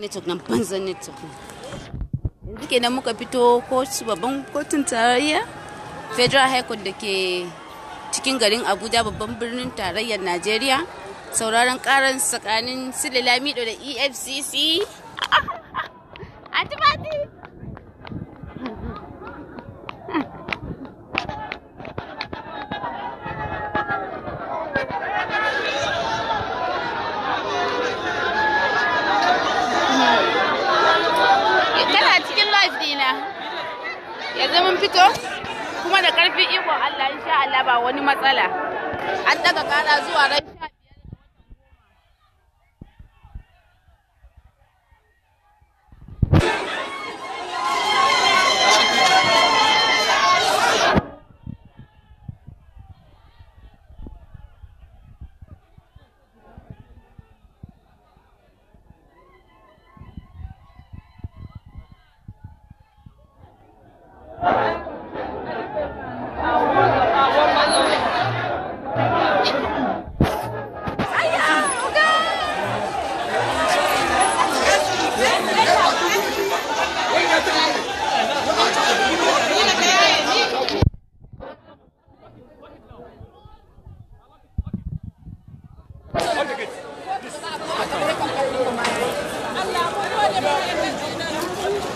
network muka fito kotu babban kotun tarayya federal high court da ke cikin garin abuja babban birnin tarayyar najeriya sauraron karan tsakanin sule da efcc yanzu mun fito kuma da karfin iko Allah insha Allah ba wani matsala an daga kara zuwa rai